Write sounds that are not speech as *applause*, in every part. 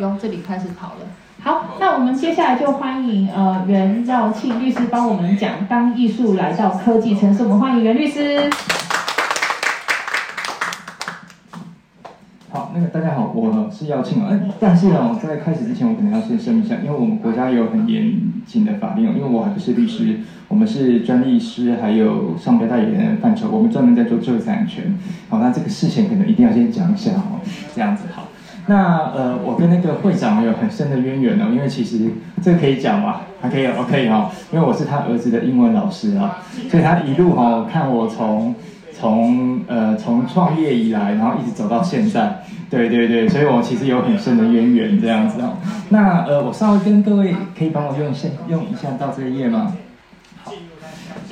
從這裡開始跑了。好，那我們接下來就歡迎呃袁耀慶律師幫我們講，當藝術來到科技城市。我們歡迎袁律師。好，那個大家好，我是耀慶啊。但是呢、哦，在開始之前，我可能要先聲明一下，因為我們國家有很嚴謹的法令、哦，因為我還不是律師，我們是專利師還有商標代理人的範疇，我們專門在做知識產權。好、哦，那這個事情可能一定要先講一下哦，這樣子。那呃，我跟那個會長有很深的淵源哦，因為其實這個可以講嘛、啊，還可以，OK 哈、OK 哦，因為我是他兒子的英文老師啊，所以他一路哈看我從從呃從創業以來，然後一直走到現在，對對對，所以我其實有很深的淵源這樣子哦。那呃，我稍微跟各位可以幫我用一下，用一下到這一頁嗎？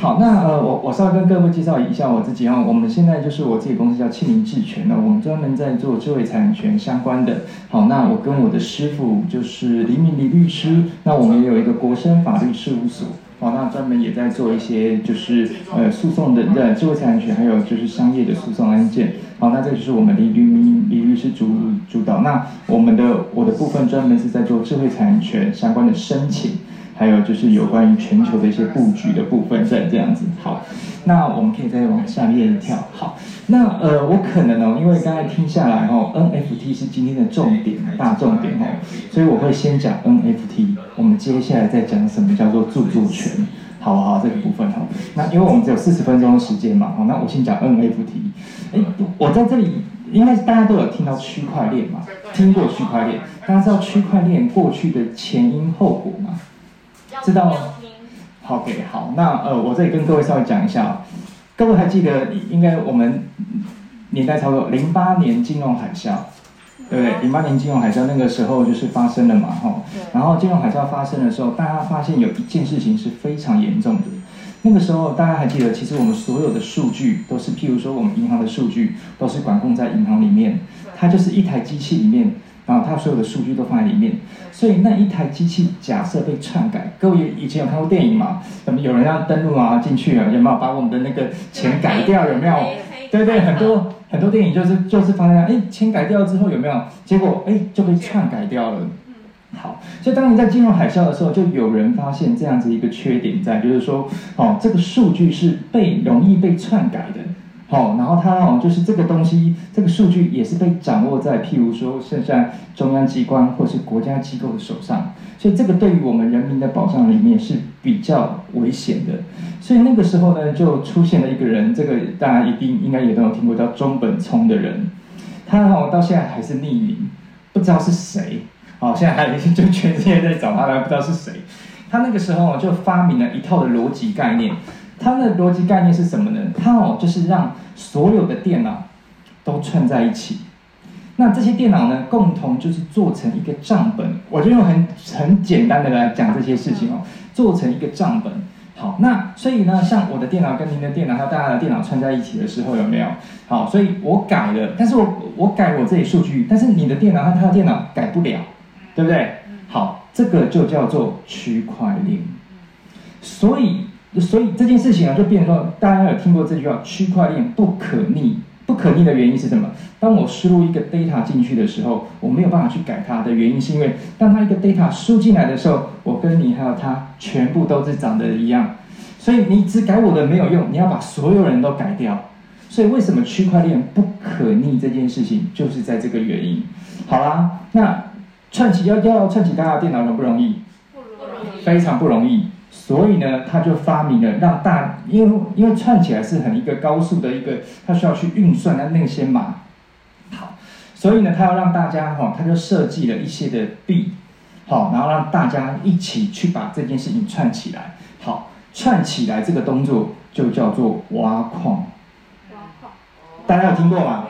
好，那呃，我我稍微跟各位介紹一下我自己啊。我們現在就是我自己公司叫慶霖智權呢，那我們專門在做智慧產權相關的。好，那我跟我的師傅就是李敏李律師，那我們也有一個國生法律事務所，好，那專門也在做一些就是呃訴訟的的智慧產權，還有就是商業的訴訟案件。好，那這就是我們李律敏李律師主主導。那我們的我的部分專門是在做智慧產權相關的申請。還有就是有關於全球的一些布局的部分，是這樣子。好，那我們可以再往下一頁跳。好，那呃，我可能呢、哦，因為剛才聽下來哦，NFT 是今天的重點，大重點哦，所以我會先講 NFT。我們接下來再講什麼叫做著作權。好不好，這個部分哦。那因為我們只有四十分鐘的時間嘛，哦，那我先講 NFT。哎，我在這裡，因為大家都有聽到區塊鏈嘛，聽過區塊鏈，大家知道區塊鏈過去的前因後果嗎？知道嗎好，給，Okay, 好，那呃，我這裡跟各位稍微講一下，各位還記得應該我們年代差不多，零八年金融海嘯，對不、嗯啊、對？零八年金融海嘯那個時候就是發生了嘛，吼，對然後金融海嘯發生的時候，大家發現有一件事情是非常嚴重的，那個時候大家還記得，其實我們所有的數據都是，譬如說我們銀行的數據都是管控在銀行裡面，它就是一台機器裡面。啊，它所有的數據都放在裡面，所以那一台機器假設被篡改，各位以前有看過電影嘛，怎麼有人要登錄啊，進去啊，有沒有把我們的那個錢改掉？對有沒有？對對，很多很多電影就是就是發現，那，哎，錢改掉之後有沒有？結果哎就被篡改掉了。好，所以當你在金融海嘯的時候，就有人發現這樣子一個缺點在，就是說哦，這個數據是被容易被篡改的。好、哦，然後他哦，就是這個東西，這個數據也是被掌握在，譬如說，現在中央機關或是國家機構的手上，所以這個對於我們人民的保障裡面是比較危險的。所以那個時候呢，就出現了一個人，這個大家一定應該也都有聽過叫中本聰的人，他哦到現在還是匿名，不知道是誰。好、哦，現在還就全世界在找他來，他不知道是誰。他那個時候就發明了一套的邏輯概念。它的邏輯概念是什麼呢？它哦，就是讓所有的電腦都串在一起。那這些電腦呢，共同就是做成一個賬本。我就用很很簡單的來講這些事情哦，做成一個賬本。好，那所以呢，像我的電腦跟您的電腦還有大家的電腦串在一起的時候，有沒有？好，所以我改了，但是我我改我這裡數據，但是你的電腦和他的電腦改不了，對不對？好，這個就叫做區塊鏈。所以。所以這件事情啊，就變成了大家有聽過這句話：區塊鏈不可逆，不可逆的原因是什麼？當我輸入一個 data 進去的時候，我沒有辦法去改它的原因，是因為當它一個 data 輸進來的時候，我跟你還有它全部都是長得一樣，所以你只改我的沒有用，你要把所有人都改掉。所以為什麼區塊鏈不可逆這件事情，就是在這個原因。好啦，那串起要要串起大家的電腦容不容易？不容易，非常不容易。所以呢，他就發明了讓大，因為因為串起來是很一個高速的一個，他需要去運算的那些碼，好，所以呢，他要讓大家哈、哦，他就設計了一些的幣，好，然後讓大家一起去把這件事情串起來，好，串起來這個動作就叫做挖礦，挖礦，大家有聽過嗎？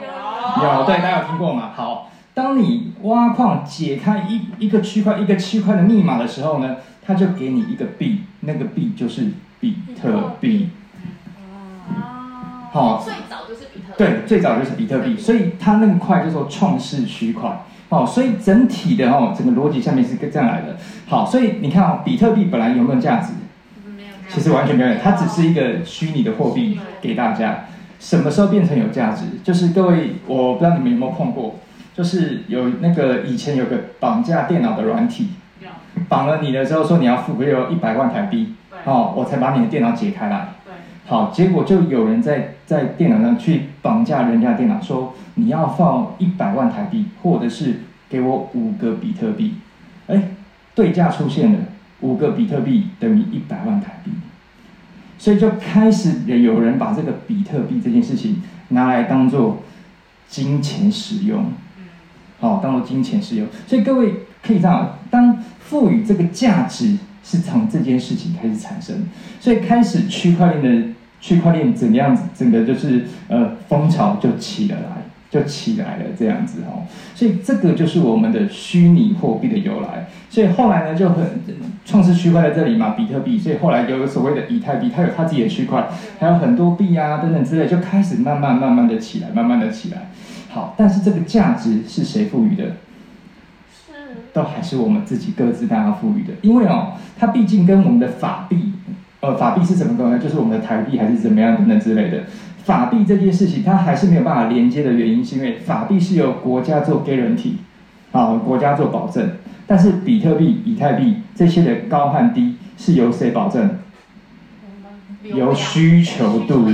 有礦，有，對，大家有聽過嗎？好，當你挖礦解開一一個區塊一個區塊的密碼的時候呢，他就給你一個幣。那個幣就是比特幣，嗯、哦，好，最早就是比特幣，對，最早就是比特幣，對所以它那個塊叫做創世區塊，哦，所以整體的哦，整個邏輯下面是這樣來的，好，所以你看哦，比特幣本來有沒有價值？沒有價值，嗯、其實完全沒有，它只是一個虛擬的貨幣給大家。什麼時候變成有價值？就是各位，我不知道你們有沒有碰過，就是有那個以前有個綁架電腦的軟體。綁了你的時候，說你要付給我一百萬台幣，對哦，我才把你的電腦解開來。對好，結果就有人在在電腦上去綁架人家的電腦，說你要放一百萬台幣，或者是給我五個比特幣。誒，對價出現了，五個比特幣等於一百萬台幣，所以就開始有人把這個比特幣這件事情拿來當做金錢使用。好，嗯，哦，當做金錢使用，所以各位。可以這樣，當賦予這個價值是從這件事情開始產生，所以開始區塊鏈的區塊鏈怎樣子，整個就是呃風潮就起了來，就起來了這樣子哦。所以這個就是我們的虛擬貨幣的由來。所以後來呢，就很創世區塊在這裡嘛，比特幣，所以後來有所謂的以太幣，它有它自己的區塊，還有很多幣啊等等之類，就開始慢慢慢慢的起來，慢慢的起來。好，但是這個價值是誰賦予的？都還是我們自己各自大家賦予的，因為哦，它畢竟跟我們的法幣，呃，法幣是什麼東西呢？就是我們的台幣還是怎麼樣等等之類的。法幣這件事情它還是沒有辦法連接的原因，是因為法幣是由國家做 guarantee，好，國家做保證。但是比特幣、以太幣這些的高和低是由誰保證？由需求度。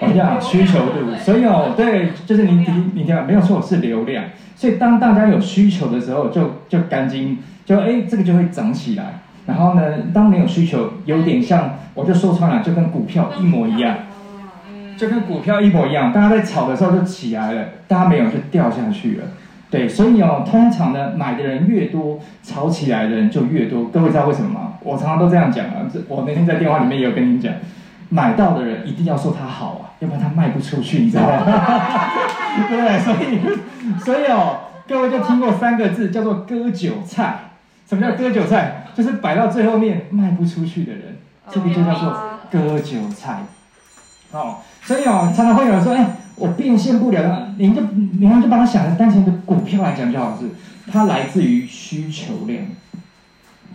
我們講需求度，所以哦，對，就是您你，你聽啊，沒有錯，是流量。所以當大家有需求的時候，就就趕緊，就哎，這個就會漲起來。然後呢，當沒有需求，有點像，我就說穿了，就跟股票一模一樣，就跟股票一模一樣。大家在炒的時候就起來了，大家沒有就掉下去了。對，所以哦，通常呢，買的人越多，炒起來的人就越多。各位知道為什麼嗎？我常常都這樣講啊，這我那天在電話裡面也有跟您講。買到的人一定要說他好啊，要不然他賣不出去，你知道嗎？對 *laughs* 不對？所以，所以哦，各位就聽過三個字叫做割韭菜。什麼叫割韭菜？就是擺到最後面賣不出去的人，這個就叫做割韭菜。哦 Okay.，所以哦，常常會有人說：“哎、欸，我變現不了。嗯”您就，你們就把它想當成一個股票來講就好，是它來自於需求量。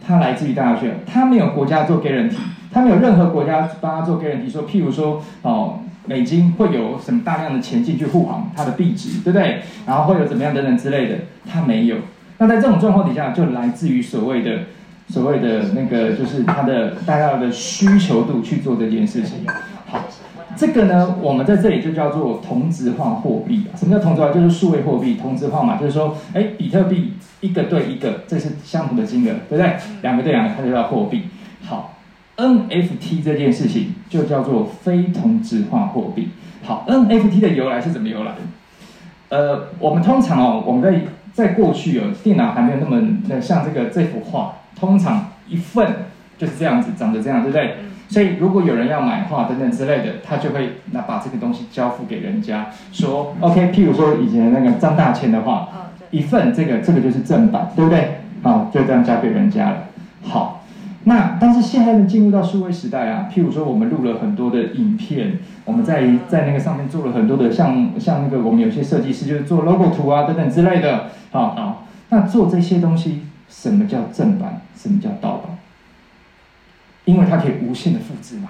他來自於大家去，他沒有國家做 guarantee，他沒有任何國家幫他做 guarantee 說，譬如說，哦，美金會有什麼大量的錢進去護航它的幣值，對不對？然後會有怎麼樣等等之類的，他沒有。那在這種狀況底下，就來自於所謂的所謂的那個，就是它的大家的需求度去做這件事情。好。這個呢，我們在這裡就叫做同質化貨幣啊，什麼叫同質化？就是數位貨幣同質化嘛，就是說誒，比特幣一個對一個，這是相同的金額，對不對？兩個對兩個，它就叫貨幣。好，NFT 這件事情就叫做非同質化貨幣。好，NFT 的由來是怎麼由來的？呃，我們通常哦，我們在在過去有哦，電腦還沒有那麼那像這個這幅畫，通常一份就是這樣子，長得這樣，對不對？所以，如果有人要買畫等等之類的，他就會那把這個東西交付給人家，說 OK。譬如說以前那個張大千的畫，哦、一份這個這個就是正版，對不對？好，就這樣交給人家了。好，那但是現在呢，進入到數位時代啊，譬如說我們錄了很多的影片，我們在在那個上面做了很多的像，像像那個我們有些設計師就是做 logo 圖啊等等之類的。好好，那做這些東西，什麼叫正版？什麼叫盜版？因為它可以無限的複製嘛，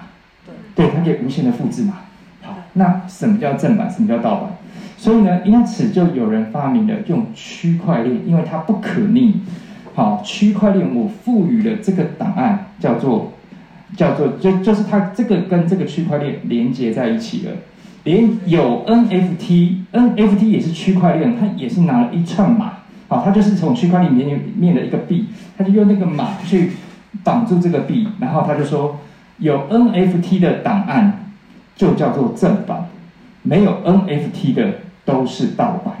對，對，它可以無限的複製嘛。好，那什麼叫正版，什麼叫盜版？所以呢，因此就有人發明了用區塊鏈，因為它不可逆。好，區塊鏈我賦予了這個檔案叫做，叫做，就就是它這個跟這個區塊鏈連接在一起了。連有 NFT，NFT 也是區塊鏈，它也是拿了一串碼。好，它就是從區塊鏈裡面面的一個幣，它就用那個碼去。擋住這個 b 然後他就說，有 NFT 的檔案就叫做正版，沒有 NFT 的都是盜版。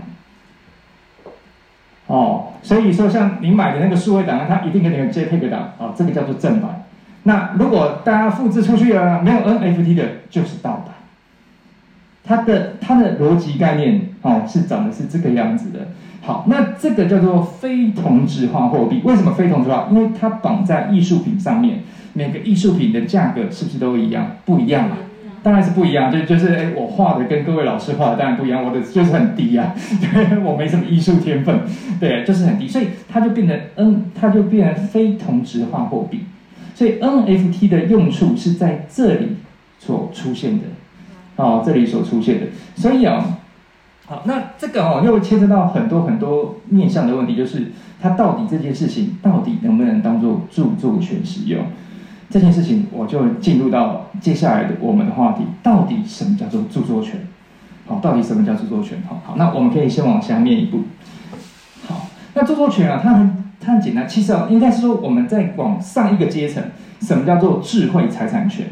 哦，所以說像你買的那個數位檔案，他一定給你們 JPEG 檔，哦，這個叫做正版。那如果大家複製出去了，沒有 NFT 的，就是盜版。它的它的邏輯概念哦，是長的是這個樣子的。好，那這個叫做非同質化貨幣。為什麼非同質化？因為它綁在藝術品上面，每個藝術品的價格是不是都一樣？不一樣啊，當然是不一樣。就就是，欸，我畫的跟各位老師畫的當然不一樣，我的就是很低啊，對，我沒什麼藝術天分，對，就是很低，所以它就變成 N，它就變成非同質化貨幣。所以 NFT 的用處是在這裡所出現的，啊、哦，這裡所出現的，所以啊、哦。好，那這個哦，又牽涉到很多很多面向的問題，就是它到底這件事情到底能不能當做著作權使用？這件事情我就進入到接下來的我們的話題，到底什麼叫做著作權？好，到底什麼叫著作權？好，好，那我們可以先往下面一步。好，那著作權啊，它很它很簡單，其實哦、啊，應該是說我們在往上一個階層，什麼叫做智慧財產權？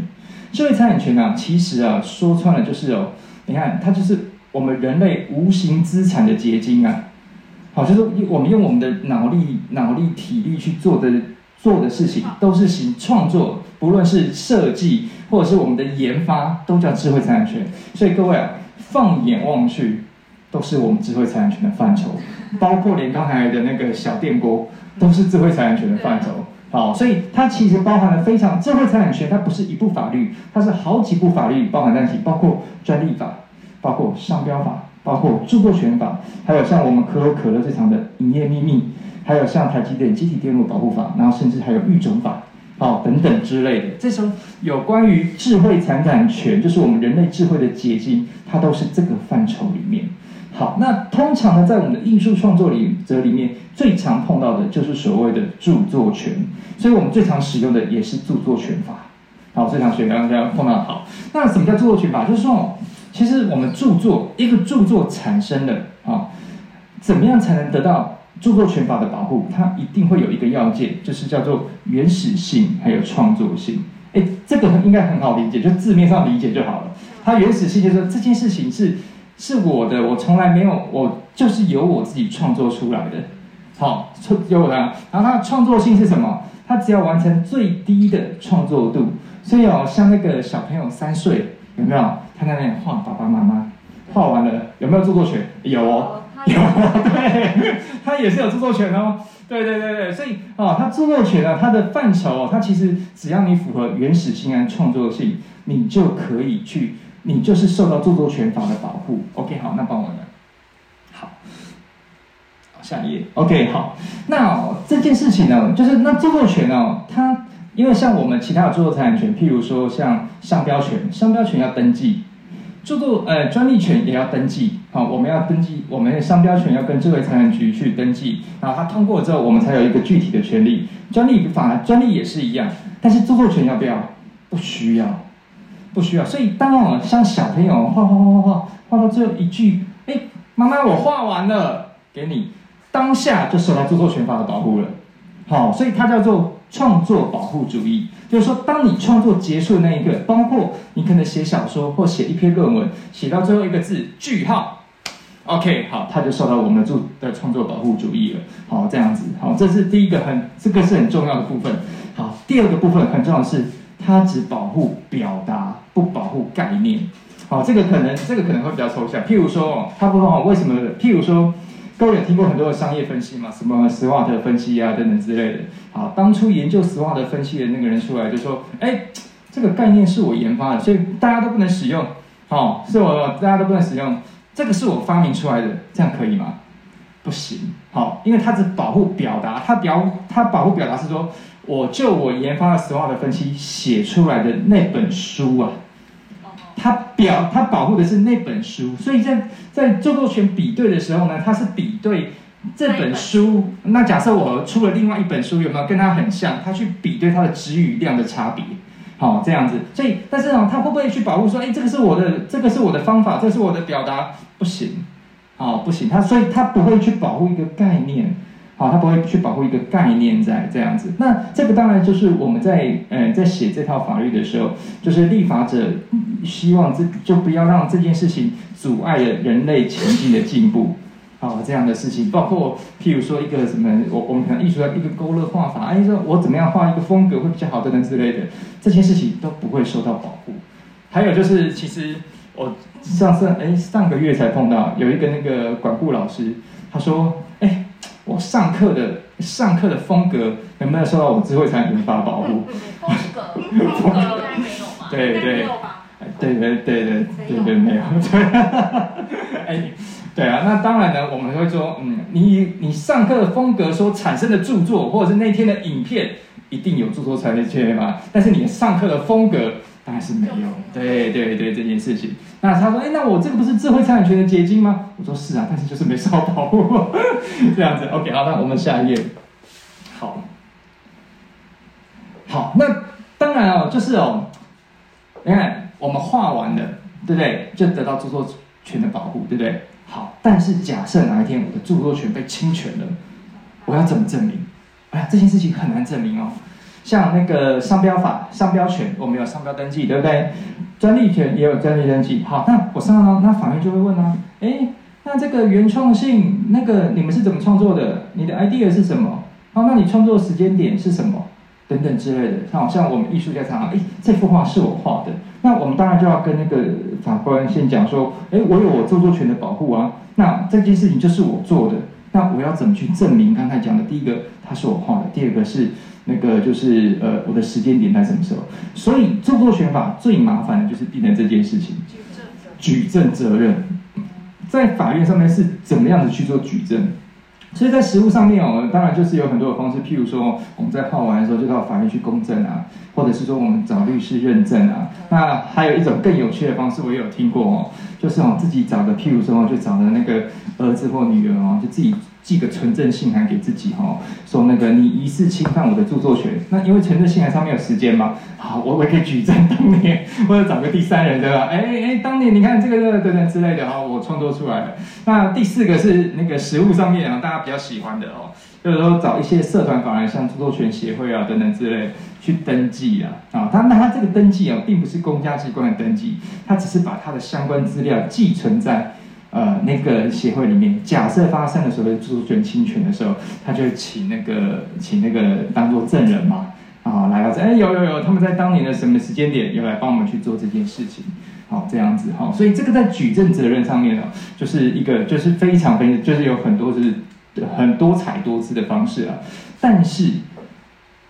智慧財產權啊，其實啊，說穿了就是哦，你看它就是。我們人類無形資產的結晶啊，好，就是說我們用我們的腦力、腦力、體力去做的、做的事情，都是行創作，不論是設計或者是我們的研發，都叫智慧財產權。所以各位啊，放眼望去，都是我們智慧財產權的範疇，包括連剛才的那個小電鍋，都是智慧財產權的範疇。好，所以它其實包含了非常智慧財產權，它不是一部法律，它是好幾部法律包含在一起，包括專利法，包括商標法，包括著作權法，還有像我們可口可樂這場的營業秘密，還有像台積電積體電路保護法，然後甚至還有育種法，哦，等等之類的。這時候有關於智慧財產權，就是我們人類智慧的結晶，它都是這個範疇裡面。好，那通常呢，在我們的藝術創作原則裡面，最常碰到的就是所謂的著作權，所以我們最常使用的也是著作權法。好，最常學，剛剛碰到好。那什麼叫著作權法？就是說。其實我們著作，一個著作產生的啊、哦，怎麼樣才能得到著作權法的保護？它一定會有一個要件，就是叫做原始性還有創作性。哎，這個應該很好理解，就字面上理解就好了。它原始性就是說，這件事情是是我的，我從來沒有，我就是由我自己創作出來的，好、哦，有啦。然後它的創作性是什麼？它只要完成最低的創作度，所以哦，像那個小朋友三歲。有沒有他在那裡畫爸爸媽媽？畫完了有沒有著作權？有哦，哦有， *laughs* 對，他也是有著作權哦。對對對對，所以、哦、他著作權啊，他的範疇、哦，他其實只要你符合原始性跟創作性，你就可以去，你就是受到著作權法的保護。OK，好，那幫我來，好，下一頁。OK，好，那、哦、這件事情呢、哦，就是那著作權呢、哦、它。因為像我們其他的著作權，譬如說像商標權，商標權要登記，著作呃專利權也要登記。好，哦，我們要登記我們的商標權要跟這個財產局去登記，然後它通過之後，我們才有一個具體的權利。專利法，專利也是一樣，但是著作權要不要？不需要，不需要。所以當然像小朋友畫畫畫畫畫，畫到最後一句，哎，媽媽我畫完了，給你，當下就受到著作權法的保護了。好，所以它叫做創作保護主義，就是說，當你創作結束的那一刻，包括你可能寫小說或寫一篇論文，寫到最後一個字，句號，OK，好，它就受到我們的著的創作保護主義了。好，這樣子，好，這是第一個很，這個是很重要的部分。好，第二個部分很重要的是，它只保護表達，不保護概念。好，這個可能，這個可能會比較抽象。譬如說，哦，它不保為什麼？譬如說。各位有聽過很多的商業分析嘛，什麼 SWOT 分析啊等等之類的。好，當初研究 SWOT 分析的那個人出來就說：“哎，這個概念是我研發的，所以大家都不能使用。哦，是我大家都不能使用，這個是我發明出來的，這樣可以嗎？”不行，好，哦，因為它只保護表達，它表它保護表達是說，我就我研發的 SWOT 分析寫出來的那本書啊，它。表它保護的是那本書，所以在在著作權比對的時候呢，它是比對這本書。那假設我出了另外一本書，有沒有跟它很像？它去比對它的質與量的差別，好、哦、這樣子。所以，但是呢，它會不會去保護說，哎、欸，這個是我的，這個是我的方法，這是我的表達，不行，好、哦、不行。它所以它不會去保護一個概念。好，他不會去保護一個概念在這樣子。那這個當然就是我們在嗯、呃、在寫這套法律的時候，就是立法者希望這就不要讓這件事情阻礙了人類前進的進步啊、哦，這樣的事情，包括譬如說一個什麼，我我們可能藝術家一個勾勒畫法，哎、啊，說我怎麼樣畫一個風格會比較好等等之類的，這些事情都不會受到保護。還有就是，其實我上次哎上個月才碰到有一個那個管顧老師，他說哎。誒我、哦、上課的上課的風格，能不能受到我智慧財產權法保護、嗯嗯？風格，對應該沒有吧？對對對對對用對對，沒有。對 *laughs* 哎，對啊，那當然呢，我們會說，嗯，你你上課的風格，所產生的著作，或者是那天的影片，一定有著作權的確認嗎？但是你上課的風格。當然是沒有，對對對，對，這件事情。那他說：“哎，那我這個不是智慧產權的結晶嗎？”我說：“是啊，但是就是沒受到保護，這樣子。”OK，好，那我們下一頁。好，好，那當然哦，就是哦，你看我們畫完了，對不對？就得到著作權的保護，對不對？好，但是假設哪一天我的著作權被侵權了，我要怎麼證明？哎呀，這件事情很難證明哦。像那個商標法，商標權我們有商標登記，對不對？專利權也有專利登記。好，那我上了呢，那法院就會問啦。哎，那這個原創性，那個你們是怎麼創作的？你的 idea 是什麼？好，那你創作的時間點是什麼？等等之類的。好，像我們藝術家常常，哎，這幅畫是我畫的。那我們當然就要跟那個法官先講說，哎，我有我著作權的保護啊。那這件事情就是我做的。那我要怎麼去證明？剛才講的第一個，他是我畫的；第二個是。那個就是呃，我的時間點在什麼時候？所以著作權法最麻煩的就是避免這件事情，舉證，舉證責任，在法院上面是怎麼樣子去做舉證？所以在實務上面哦，當然就是有很多的方式，譬如說我們在畫完的時候就到法院去公證啊，或者是說我們找律師認證啊。那還有一種更有趣的方式，我也有聽過哦，就是我自己找的，譬如說我就找的那個兒子或女兒哦，就自己。寄個存證信函給自己哈，說那個你疑似侵犯我的著作權，那因為存證信函上面有時間嘛，好，我我可以舉證當年，或者找個第三人對吧？哎哎，當年你看這個這個等等之類的，好，我創作出來的。那第四個是那個實務上面啊，大家比較喜歡的哦，就是說找一些社團法人，像著作權協會啊等等之類去登記啊，啊、哦，他那他這個登記哦、啊，並不是公家機關的登記，他只是把他的相關資料寄存在。呃，那個協會裡面，假設發生了所謂的著作權侵權的時候，他就請那個請那個當做證人嘛，啊，來到這，哎，有有有，他們在當年的什麼時間點，有來幫我們去做這件事情，好、哦，這樣子哈、哦，所以這個在舉證責任上面呢、啊，就是一個就是非常非常就是有很多是很多彩多姿的方式啊，但是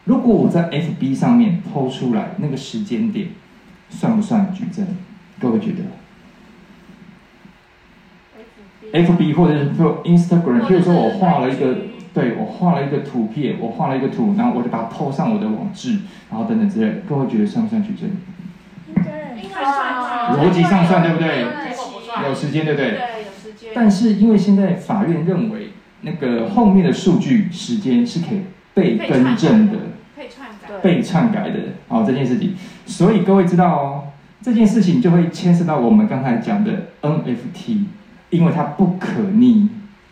如果我在 FB 上面 PO 出來那個時間點，算不算舉證？各位覺得？F B 或者是說 Instagram，譬如說我畫了一個，對，我畫了一個圖片，我畫了一個圖，然後我就把它拋上我的網誌，然後等等之類，各位覺得算不算取證？對，邏、哦、輯上算，對不對？有時間，對不對？對，有時間。對對對，但是因為現在法院認為，對對對，那個後面的數據時間是可以被更正的，被篡改的，篡改的被篡改的。好，這件事情，所以各位知道哦，這件事情就會牽涉到我們剛才講的 NFT。因為它不可逆，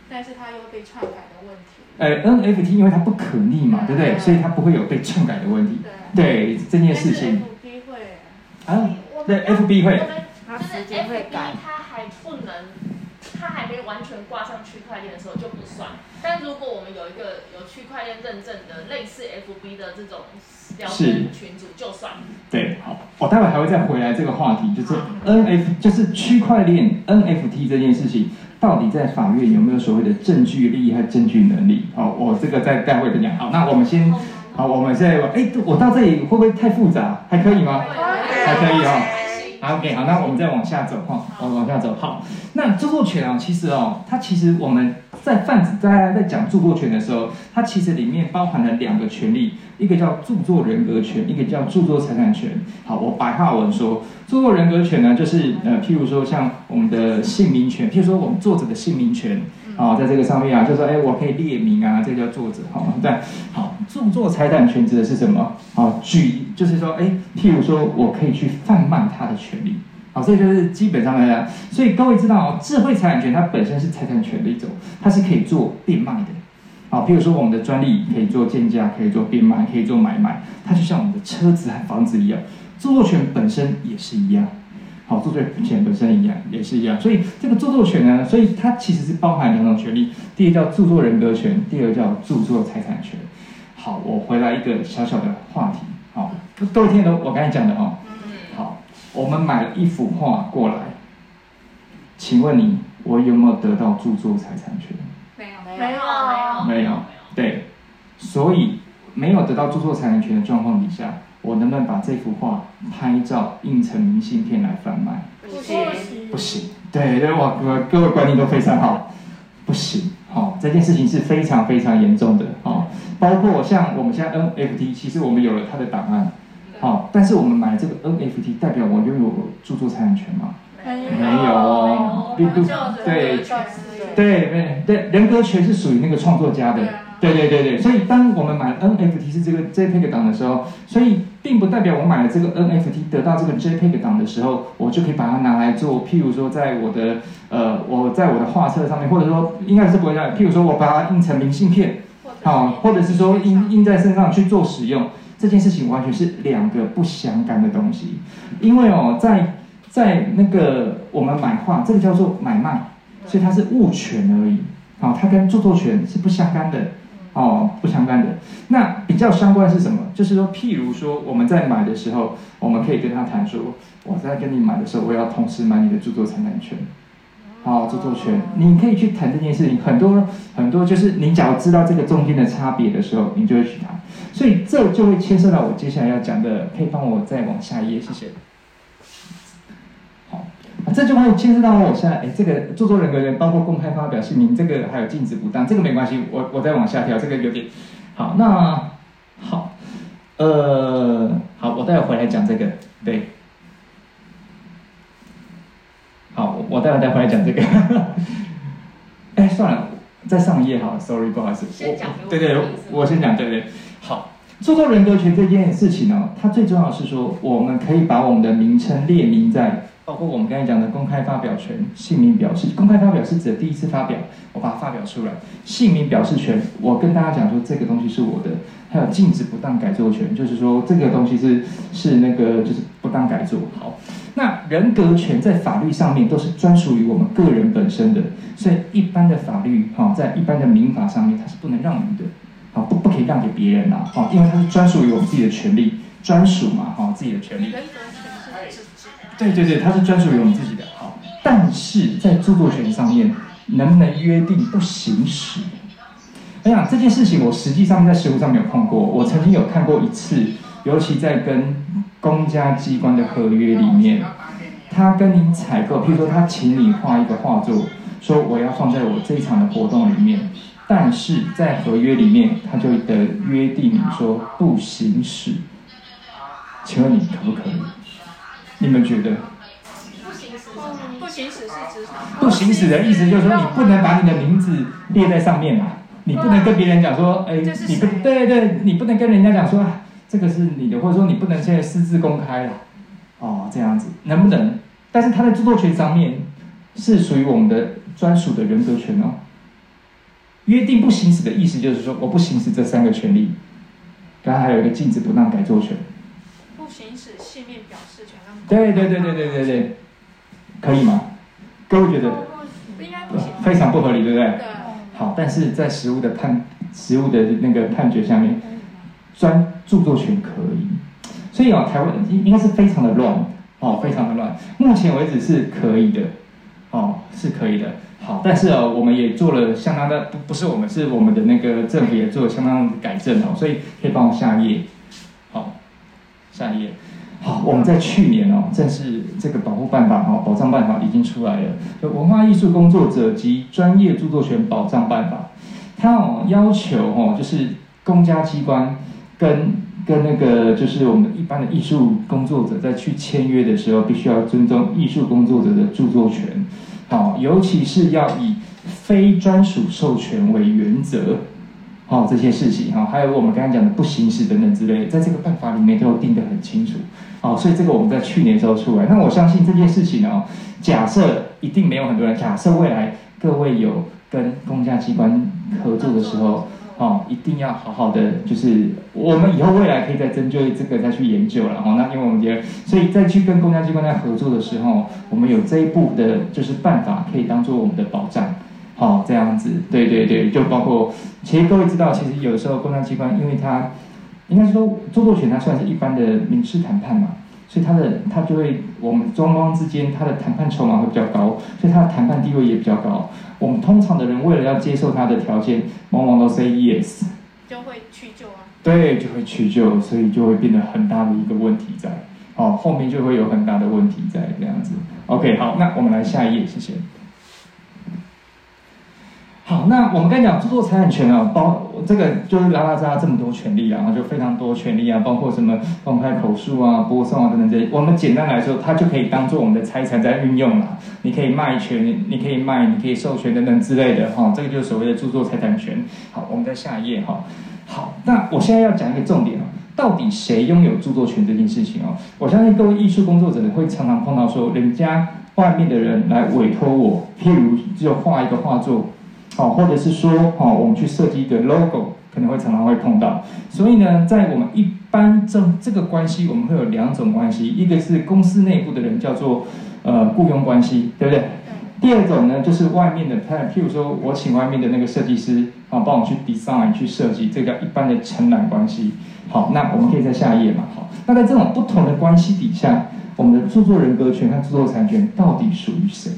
但是它又被篡改的問題。哎，NFT 因為它不可逆嘛，對不對？對啊。所以它不會有被篡改的問題。對，對對這件事情。FB 會啊，啊對，FB 會，就是 FB 它還不能。他還沒完全掛上區塊鏈的時候就不算，但如果我們有一個有區塊鏈認證的類似 FB 的這種聊天群組，就算了。對，好，我待會還會再回來這個話題，就是 NF 好就是區塊鏈 NFT 這件事情，到底在法院有沒有所謂的證據力和證據能力？好，哦，我這個再待會的講。好，那我們先，好，我們現在，哎，欸，我到這裡會不會太複雜？還可以嗎？還可以啊。OK，好，那我們再往下走，哈，往往下走。好，那著作權啊、哦，其實哦，它其實我們在泛指大家在在講著作權的時候，它其實裡面包含了兩個權利，一個叫著作人格權，一個叫著作財產權。好，我白話文說，著作人格權呢，就是呃，譬如說像我們的姓名權，譬如說我們作者的姓名權。啊、哦，在這個上面啊，就是、說，哎，我可以列名啊，這叫作者，好，對，好，著作財產權指的是什麼？好、哦，舉就是說，哎，譬如說我可以去販賣他的權利，好、哦，這就是基本上的家，所以各位知道、哦，智慧財產權它本身是財產權的一種，它是可以做變賣的，好、哦，譬如說我們的專利可以做鑑價，可以做變賣，可以做買賣，它就像我們的車子和房子一樣，著作權本身也是一樣。好，著作權本身一樣，也是一樣，所以這個著作權呢，所以它其實是包含兩種權利，第一叫著作人格權，第二叫著作財產權。好，我回來一個小小的話題，好，一天都聽得懂，我剛才講的哦，好，我們買了一幅畫過來，請問你，我有沒有得到著作財產權？沒有，沒有，沒有，沒有，沒有，對，所以沒有得到著作財產權的狀況底下。我能不能把這幅畫拍照印成明信片來販賣？不行是，不，是不行。對，對，我我各位觀念都非常好，不行。好、哦，這件事情是非常非常嚴重的。哦、對包括像我們現在 NFT，其實我們有了它的檔案。好對、哦，但是我們買這個 NFT，代表我擁有著作財產權嗎？沒有，哦對對，對，對，人格權是屬於那個創作家的。對對對對對，所以當我們買 NFT 是這個 JPEG 檔的時候，所以並不代表我買了這個 NFT 得到這個 JPEG 檔的時候，我就可以把它拿來做，譬如說在我的呃我在我的畫冊上面，或者說應該是不會這樣，譬如說我把它印成明信片，好，或者、啊，或者是說印印在身上去做使用，這件事情完全是兩個不相干的東西，因為哦，在在那個我們買畫，這個叫做買賣，所以它是物權而已，好、啊，它跟著作權是不相干的。哦，不相干的。那比較相關的是什麼？就是說，譬如說我們在買的時候，我們可以跟他談說，我在跟你買的時候，我要同時買你的著作財產權。好、哦，著作權，哦、你可以去談這件事情。很多很多，就是你只要知道這個中間的差別的時候，你就會去談。所以這就會牽涉到我接下來要講的。可以幫我再往下一頁，謝謝。這句話牽涉到我現在，哎，這個著作人格權包括公開發表姓名，這個還有禁止不當，這個沒關係。我我再往下調這個有點好。那好，呃，好，我待會回來講這個。對，好，我待會再回來講這個。哎，算了，再上一頁好了，sorry，不好意思。講我，意思我，對對，我，嗎我先講，對對。好，著作人格權這件事情呢，哦，它最重要是說，我們可以把我們的名稱列明在。包括我們剛才講的公開發表權、姓名表示。公開發表是指的第一次發表，我把它發表出來。姓名表示權，我跟大家講說這個東西是我的。還有禁止不當改作權，就是說這個東西是是那個就是不當改作。好，那人格權在法律上面都是專屬於我們個人本身的，所以一般的法律，哈，在一般的民法上面它是不能讓的，好，不不可以讓給別人啦，好，因為它是專屬於我們自己的權利，專屬嘛，好，自己的權利。對對對，它是專屬於我們自己的。好，但是在著作權上面能不能約定不行使？哎呀，這件事情我實際上在實務上沒有碰過。我曾經有看過一次，尤其在跟公家機關的合約裡面，他跟你採購，譬如說他請你畫一個畫作，說我要放在我這一場的活動裡面，但是在合約裡面他就得約定你說不行使，請問你可不可以？你們覺得？不行使，不行使不行使，不行使的意思就是說，你不能把你的名字列在上面，啊，你不能跟別人講說，欸，你不，對，對對，你不能跟人家講說，這個是你的，或者說你不能現在私自公開了，啊，哦，這樣子，能不能？但是他在著作權方面是屬於我們的專屬的人格權哦。約定不行使的意思就是說，我不行使這三個權利。剛剛還有一個禁止不當改作權。行使姓名表示權讓步。對對對對對對可以嗎？各位覺得？不應該，非常不合理，對不對？好，但是在實務的判實務的那個判決下面，專著作權可以，所以啊、哦，台灣應應該是非常的亂哦，非常的亂。目前為止是可以的哦，是可以的。好，但是啊、哦，我們也做了相當的，不不是我們，是我們的那個政府也做了相當的改正哦，所以可以幫我下一頁。下一頁，好，我們在去年哦，正是這個保護辦法哦，保障辦法已經出來了，《文化藝術工作者及專業著作權保障辦法》，它，哦要求，哦，就是公家機關跟跟那個就是我們一般的藝術工作者在去簽約的時候，必須要尊重藝術工作者的著作權，好，尤其是要以非專屬授權為原則。哦，這些事情哈，還有我們剛才講的不行駛等等之類，在這個辦法裡面都有定得很清楚。哦，所以這個我們在去年時候出來，那我相信這件事情呢，哦，假設一定沒有很多人，假設未來各位有跟公家機關合作的時候，哦，一定要好好的，就是我們以後未來可以再針對這個再去研究了。哦，那因為我們覺得，所以再去跟公家機關在合作的時候，我們有這一步的就是辦法，可以當做我們的保障。好，這樣子，對對對，就包括，其實各位知道，其實有的時候公安機關，因為他，應該是說著作權，它算是一般的民事談判嘛，所以他的他就會，我們雙方之間，他的談判籌碼會比較高，所以他的談判地位也比較高。我們通常的人為了要接受他的條件，往往都 say yes，就會屈就啊。對，就會屈就，所以就會變得很大的一個問題在，哦，後面就會有很大的問題在這樣子。OK，好，那我們來下一頁，謝謝。好，那我們剛才講著作財產權啊，包這個就是拉拉雜雜這麼多權利啊，然後就非常多權利啊，包括什麼公開口述啊、播送啊等等這些。我們簡單來說，它就可以當做我們的財產在運用了。你可以賣權，你可以賣，你可以授權等等之類的哈、哦。這個就是所謂的著作財產權。好，我們在下一頁哈、哦。好，那我現在要講一個重點啊，到底誰擁有著作權這件事情哦？我相信各位藝術工作者會常常碰到說，人家外面的人來委託我，譬如就畫一個畫作。好，或者是說，哦，我們去設計一個 logo，可能會常常會碰到。所以呢，在我們一般這個、這個關係，我們會有兩種關係，一個是公司內部的人叫做呃僱傭關係，對不對？對第二種呢，就是外面的，他譬如說我請外面的那個設計師啊、哦，幫我們去 design 去設計，這個叫一般的承攬關係。好，那我們可以在下一頁嘛，好。那在這種不同的關係底下，我們的著作人格權和著作財產權到底屬於誰？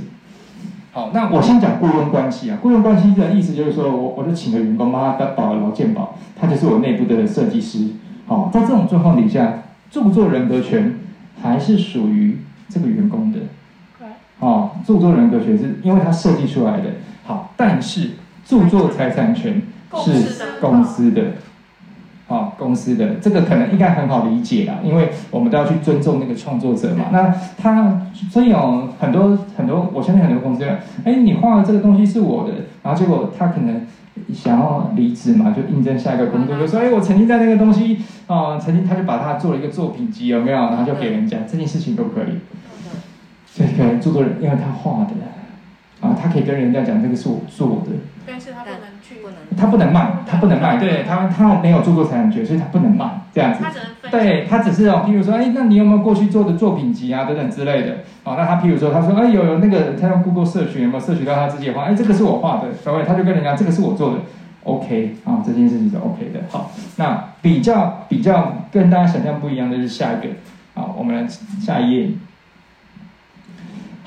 好，那我先講僱傭關係啊。僱傭關係的意思就是說，我我就請個員工，幫他保勞健保，保，保，保，他就是我內部的設計師。好，哦，在這種狀況底下，著作人格權還是屬於這個員工的。對。哦，著作人格權是，因為他設計出來的。好，但是著作財產權是公司的。啊、哦，公司的這個可能應該很好理解啦，因為我們都要去尊重那個創作者嘛。那他所以哦，很多很多，我相信很多公司有，哎，你畫的這個東西是我的，然後結果他可能想要離職嘛，就應徵下一個工作，就說哎，我曾經在那個東西啊、哦、曾經他就把它做了一個作品集，有沒有？然後就給人家這件事情都可以，這個著作人，因為他畫的啊，他可以跟人家講這個是我做的，但是他不能去，不能，他不能賣，他不能賣，對他，他沒有著作財產權，所以他不能賣這樣子。他只能對，他只是哦，譬如說，哎，那你有沒有過去做的作品集啊等等之類的？哦，那他譬如說，他說，哎，有有那個，他用 Google search 有沒有 search 到他自己的畫？哎，這個是我畫的，所以他就跟人家講這個是我做的，OK 啊，這件事情是 OK 的。好，那比較比較跟大家想象不一樣的就是下一個，好，我們來下一頁。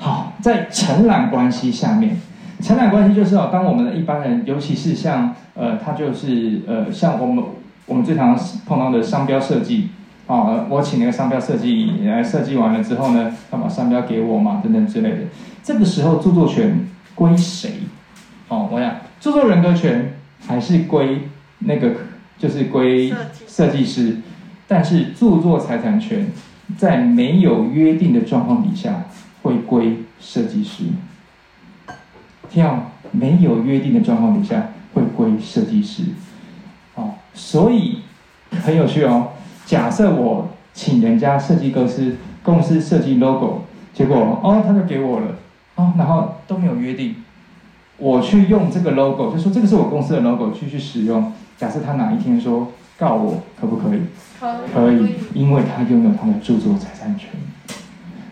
好，在承攬關係下面，承攬關係就是哦，當我們的一般人，尤其是像呃，他就是呃，像我們我們最常碰到的商標設計啊，哦，我請那個商標設計來設計完了之後呢，他把商標給我嘛，等等之類的。這個時候，著作權歸誰？哦，我想，著作人格權還是歸那個，就是歸設計師，設計師，但是著作財產權在沒有約定的狀況底下。會歸設計師。這樣沒有約定的狀況底下，會歸設計師。哦，所以很有趣哦。假設我請人家設計公司公司設計 logo，結果哦，他就給我了。哦，然後都沒有約定，我去用這個 logo，就說這個是我公司的 logo 去去使用。假設他哪一天說告我，可不可以？可以，因為他擁有他的著作財產權權。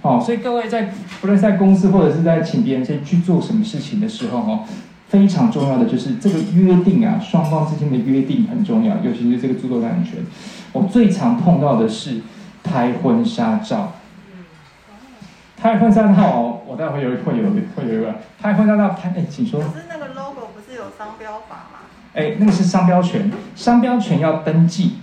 哦，所以各位在，不論在，在公司或者是在請別人先去做什麼事情的時候，哦，非常重要的就是這個約定啊，雙方之間的約定很重要，尤其是這個著作權。我最常碰到的是拍婚紗照。拍婚紗照，我待會有會有會有一個拍婚紗照拍，哎、欸，請說。可是那個 logo 不是有商標法嗎？哎、欸，那個是商標權，商標權要登記。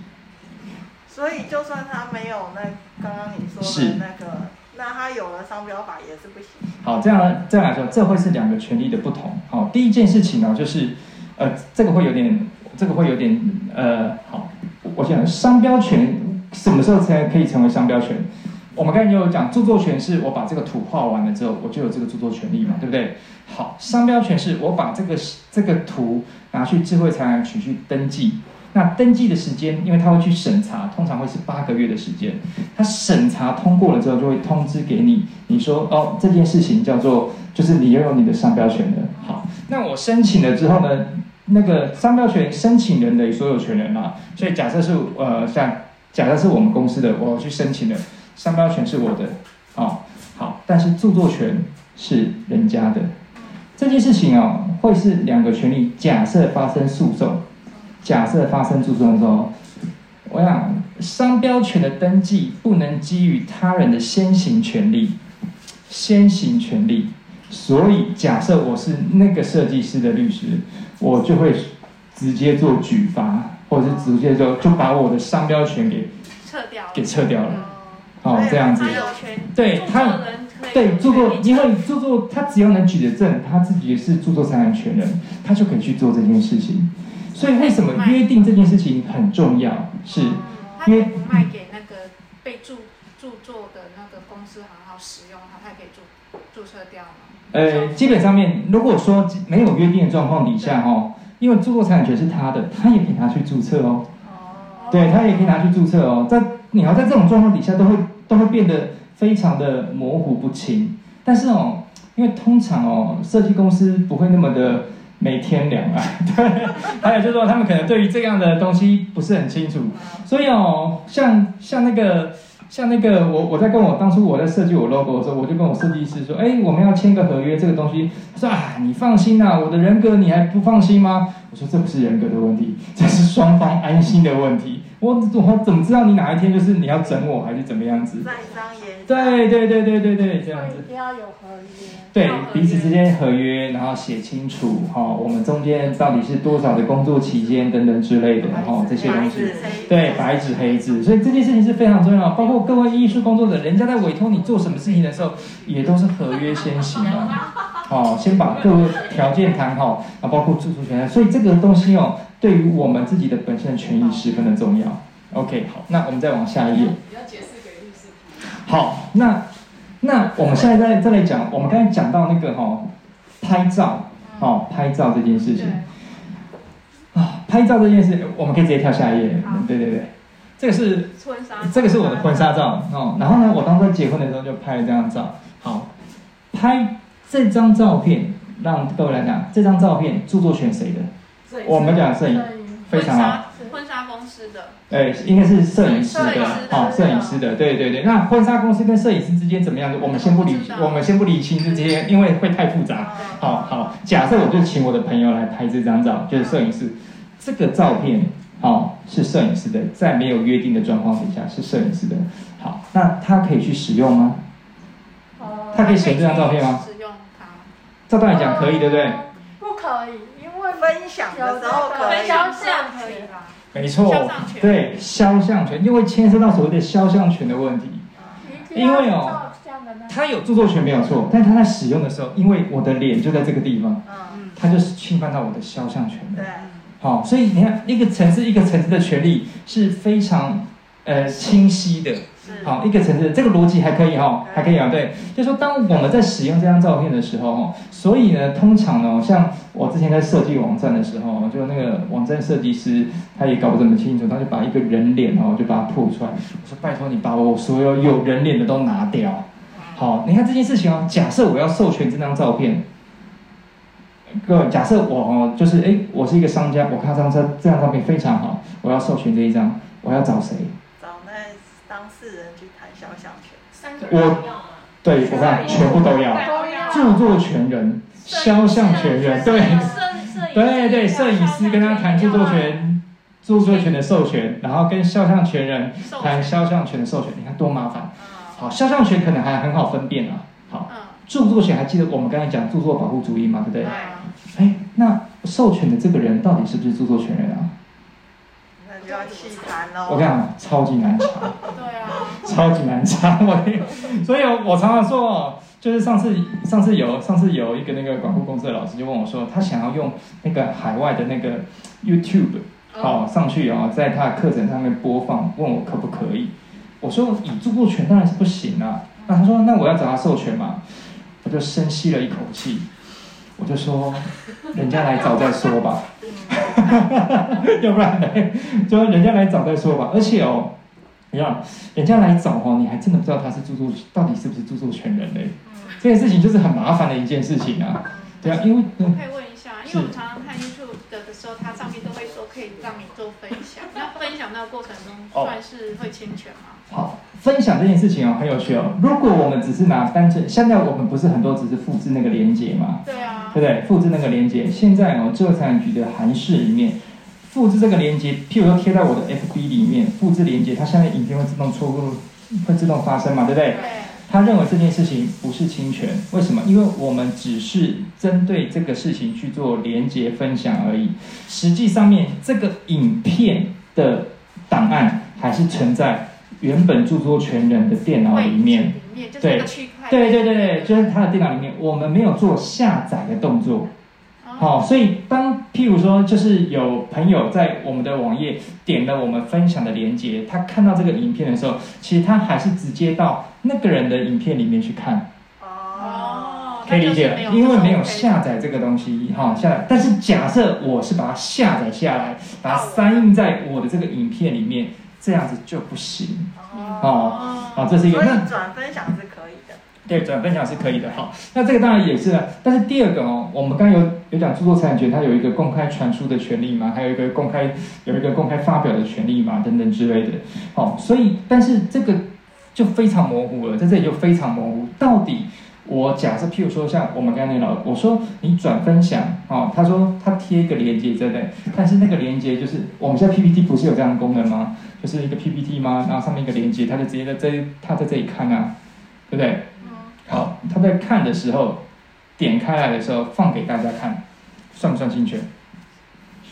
所以就算他沒有那剛剛你說的那個。是。那他有了商標法也是不行。好，這樣這樣來說，這會是兩個權利的不同。好，第一件事情呢、啊，就是，呃，這個會有點，這個會有點，呃，好，我想商標權什麼時候才可以成為商標權？我們剛才有講，著作權是我把這個圖畫完了之後，我就有這個著作權利嘛，對不對？好，商標權是我把這個這個圖拿去智慧財產局去登記。那登記的時間，因為他會去審查，通常會是八個月的時間。他審查通過了之後，就會通知給你。你說哦，這件事情叫做，就是你擁有你的商標權的。好，那我申請了之後呢，那個商標權申請人的所有權人啊，所以假設是呃像假設是我們公司的，我去申請的商標權是我的哦。好，但是著作權是人家的。這件事情哦，會是兩個權利假設發生訴訟。假設發生訴訟的時候，我想商標權的登記不能基於他人的先行權利，先行權利。所以假設我是那個設計師的律師，我就會直接做舉發，或者是直接就就把我的商標權給撤掉了，給撤掉了。嗯、哦，啊、這樣子。對，他，對著作，因為著作他只要能舉得證，他自己也是著作財產權人，他就可以去做這件事情。所以為什麼約定這件事情很重要？是，因為、哦、賣給那個被著著作的那個公司，很好使用它，他也可以注註冊掉嗎？呃，基本上面，如果說沒有約定的狀況底下，對因為著作財產權是他的，他也可以拿去註冊哦。哦，對他也可以拿去註冊哦。在你要在這種狀況底下，都會都會變得非常的模糊不清。但是哦，因為通常哦，設計公司不會那麼的。每天兩萬、啊。對，還有就是說，他們可能對於這樣的東西不是很清楚，所以哦，像像那個像那個，我我在跟我當初我在設計我 logo 的時候，我就跟我設計師說，哎，我們要簽個合約，這個東西，他說、啊，你放心吶、啊，我的人格你還不放心嗎？我說，這不是人格的問題，這是雙方安心的問題。我怎麼怎麼知道你哪一天就是你要整我還是怎麼樣子？在商對，對對對對對對這樣子要有合約，對約彼此之間合約，然後寫清楚哈、哦，我們中間到底是多少的工作期間等等之類的，然紙、哦、這些東西，對白紙黑字，所以這件事情是非常重要。包括各位藝術工作者，人家在委托你做什麼事情的時候，也都是合約先行哦。 *laughs* 哦，先把各個條件談好，啊，包括著作權，所以。這個東西哦，對於我們自己的本身的權益十分的重要。OK，好，那我們再往下一頁。好，那那我們現在再來再來講，我們剛才講到那個哈、哦，拍照，哦，拍照這件事情。啊對，拍照這件事情，我們可以直接跳下一頁。好對對對，這個是這個是我的婚紗照哦。然後呢，我當初結婚的時候就拍了這張照。好，拍這張照片，讓各位來講，這張照片著作權誰的？我們講攝影，非常好。婚紗公司的，哎，應該是攝影師的哦，攝影師的，對對對。那婚紗公司跟攝影師之間怎麼樣子？我們先不理，我們先不理清這些，因為會太複雜。好好，假設我就請我的朋友來拍這張照，就是攝影師。這個照片哦，是攝影師的，在沒有約定的狀況底下，是攝影師的。好，那他可以去使用嗎？哦，他可以使用這張照片嗎？使用它。照道理講可以，對不對？不可以。分享的時候，可以肖像權。沒錯，對肖像權，因為牽涉到所謂的肖像權的問題。嗯、因為哦，他有著作權沒有錯，嗯、但他在使用的時候，因為我的臉就在這個地方，嗯，他就是侵犯到我的肖像權的。嗯、好，所以你看一個層次一個層次的權利是非常呃清晰的。好，一個層次，這個邏輯還可以哈、哦，還可以啊。對，就說當我們在使用這張照片的時候、哦，哈，所以呢，通常呢，像我之前在設計網站的時候，就那個網站設計師，他也搞不怎麼清楚，他就把一個人臉哦，就把它破出來。我說，拜托你把我所有有人臉的都拿掉。好，你看這件事情哦，假設我要授權這張照片，各位，假設我哦，就是哎，我是一個商家，我看這張這張照片非常好，我要授權這一張，我要找誰？我對，我看全部都要！著作權人、肖像權人，對，對對，攝影師跟他談著作權，著作權的授權，然後跟肖像權人談肖像權的授權，你看多麻煩。好，肖像權可能還很好分辨啊。好，著作權還記得我們剛才講著作保護主義嗎？對不對？對。哎，那授權的這個人到底是不是著作權人啊？那就要細談嘍。我跟你講，超級難查。對啊。超級難查，我所以，我常常說哦，就是上次，上次有，上次有一個那個廣播公司的老師就問我說，他想要用那個海外的那個 YouTube 好上去哦，在他的課程上面播放，問我可不可以？我說以著作權當然是不行啊。那他說那我要找他授權嘛？我就深吸了一口氣，我就說人家來找再說吧，要不然就人家來找再說吧。而且哦。對啊，人家來找哦，你還真的不知道他是著作到底是不是著作權人嘞。嗯，這件事情就是很麻煩的一件事情啊。嗯、對啊，因為我們可以問一下，嗯、因為我們常常看 YouTube 的時候，是它上面都會說可以讓你做分享。那分享到的過程中算是會侵權嗎、哦？好。分享這件事情哦，很有趣哦。如果我們只是拿單純，現在我們不是很多只是複製那個鏈接嘛？對啊，對不對？複製那個鏈接，現在哦，智財局的函釋裡面。複制這個鏈接，譬如說貼在我的 FB 裡面，複制鏈接，它下面影片會自動錯過會自動發生嘛，對不對？他對認為這件事情不是侵權，為什麼？因為我們只是針對這個事情去做連接分享而已，實際上面這個影片的檔案還是存在原本著作權人的電腦裡面，對對,對對對，就是他的電腦裡面，我們沒有做下載的動作。好、哦，所以當譬如說，就是有朋友在我們的網頁點了我們分享的鏈接，他看到這個影片的時候，其實他還是直接到那個人的影片裡面去看。哦，可以理解，因為沒有下載這個東西，哈、哦，下載。但是假設我是把它下載下來，把它翻印在我的這個影片裡面，這樣子就不行。哦，哦，這是一個。那轉分享這個。對，轉分享是可以的，好，那這個當然也是，但是第二個哦，我們剛剛有有講著作權權，它有一個公開傳輸的權利嘛，還有一個公開有一個公開發表的權利嘛，等等之類的，好、哦，所以但是這個就非常模糊了，在這裡就非常模糊，到底我假設，譬如說像我們剛才那老，我說你轉分享，哦，他說他貼一個鏈接在那，但是那個鏈接就是我們現在 PPT 不是有這樣的功能嗎？就是一個 PPT 嘛，然後上面一個鏈接，他就直接在這，他在這裡看啊，對不對？好，他在看的時候，點開來的時候放給大家看，算不算侵權？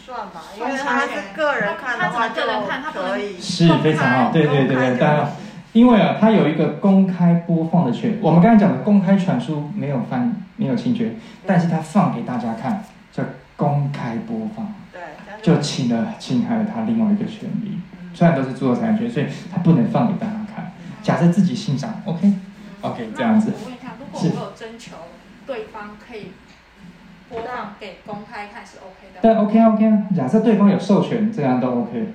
算吧，因為他是個人看的他，他個人看，他可以。是非常好，對開對對對，大家、就是哦。因為啊，他有一個公開播放的權，我們剛才講的公開傳輸沒有犯沒有侵權，但是他放給大家看叫公開播放，對，就侵了侵害了他另外一個權利。雖然都是著作權，所以他不能放給大家看。假設自己欣賞，OK。Okay, 這樣子，我問一下，如果我有徵求是對方，可以播讓給公開看是 OK 的。但 OK，啊、OK、啊。假設對方有授權，這樣都 OK。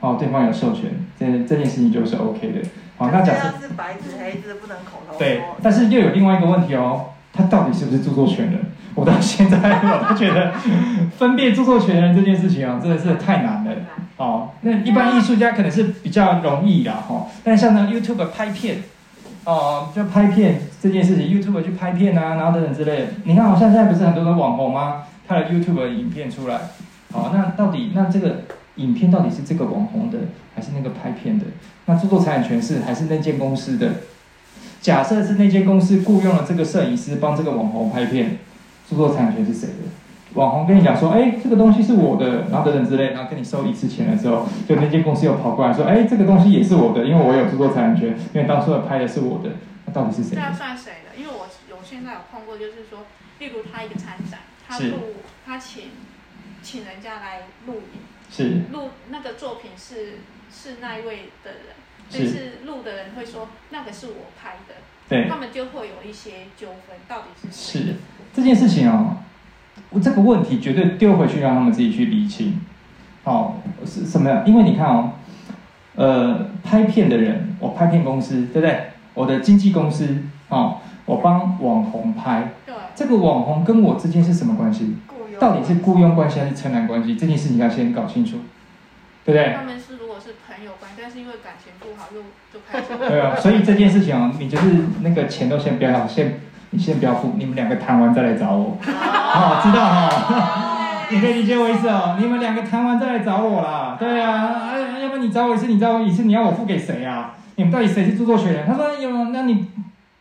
哦，對方有授權，這這件事情就是 OK 的。好，哦，那假設是白紙黑字不能口頭。對，但是又有另外一個問題哦，他到底是不是著作權人？我到現在 *laughs* 我都覺得，分辨著作權人這件事情啊，哦，真的是太難了。哦，那一般藝術家可能是比較容易的哦，但像那 YouTube 拍片。哦，就拍片這件事情，YouTube 去拍片吶、啊，然後等等之類的。你看，好像現在不是很多的網紅嗎、啊？他的 YouTube 影片出來，好、哦，那到底那這個影片到底是這個網紅的，還是那個拍片的？那著作財產權是還是那間公司的？假設是那間公司雇傭了這個攝影師幫這個網紅拍片，著作財產權是誰的？網紅跟你講說，哎、欸，這個東西是我的，然後等等之類，然後跟你收一次錢的時候，就那間公司又跑過來說，哎、欸，這個東西也是我的，因為我有著作權，因為當初的拍的是我的，那到底是誰？這要算誰的？因為我有現在有碰過，就是說，例如他一個參展，他雇是他請請人家來錄影，是錄那個作品是是那一位的人，但是錄的人會說那個是我拍的，對，他們就會有一些糾紛，到底是誰的是這件事情哦。我這個問題絕對丟回去讓他們自己去理清。好、哦，是什麼呀？因為你看哦，呃，拍片的人，我拍片公司，對不對？我的經紀公司，啊、哦，我幫網紅拍，對、啊，這個網紅跟我之間是什麼關係？雇傭，到底是雇傭關係還是承攬關係？這件事情要先搞清楚，對不對？他們是如果是朋友關係，但是因為感情不好又就開始。拍對啊，所以這件事情、哦、 *laughs* 你就是那個錢都先不要先。你先不要付，你們兩個談完再來找我。好、oh, 啊，知道哈。你、oh, okay. 可以理解我意思哦，你們兩個談完再來找我啦。對啊，oh, okay. 要不你找我一次，你找我一次，你要我付給誰啊？你們到底誰是著作權人？他說：“有、哎，那你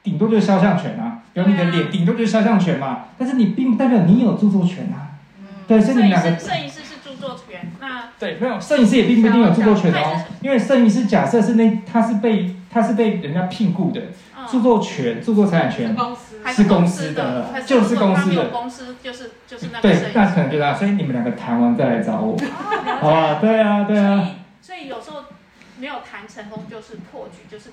頂多就是肖像權啊，有你的臉，頂多就是肖像權嘛。Yeah. 但是你並不代表你有著作權啊。嗯、對，是你們兩個攝影師，攝影師是著作權，那對，攝影師也並不一定有著作權哦，因為攝影師假設是那他是被他是被人家聘雇的，嗯、著作權、著作財產權。還是公司的，就是公司的。他有公司就是司、就是、就是那個。對，那肯定啦。所以你們兩個談完再來找我，啊、好吧？ *laughs* 對啊，對啊。所以，所以有時候沒有談成功就，就是破局，就是。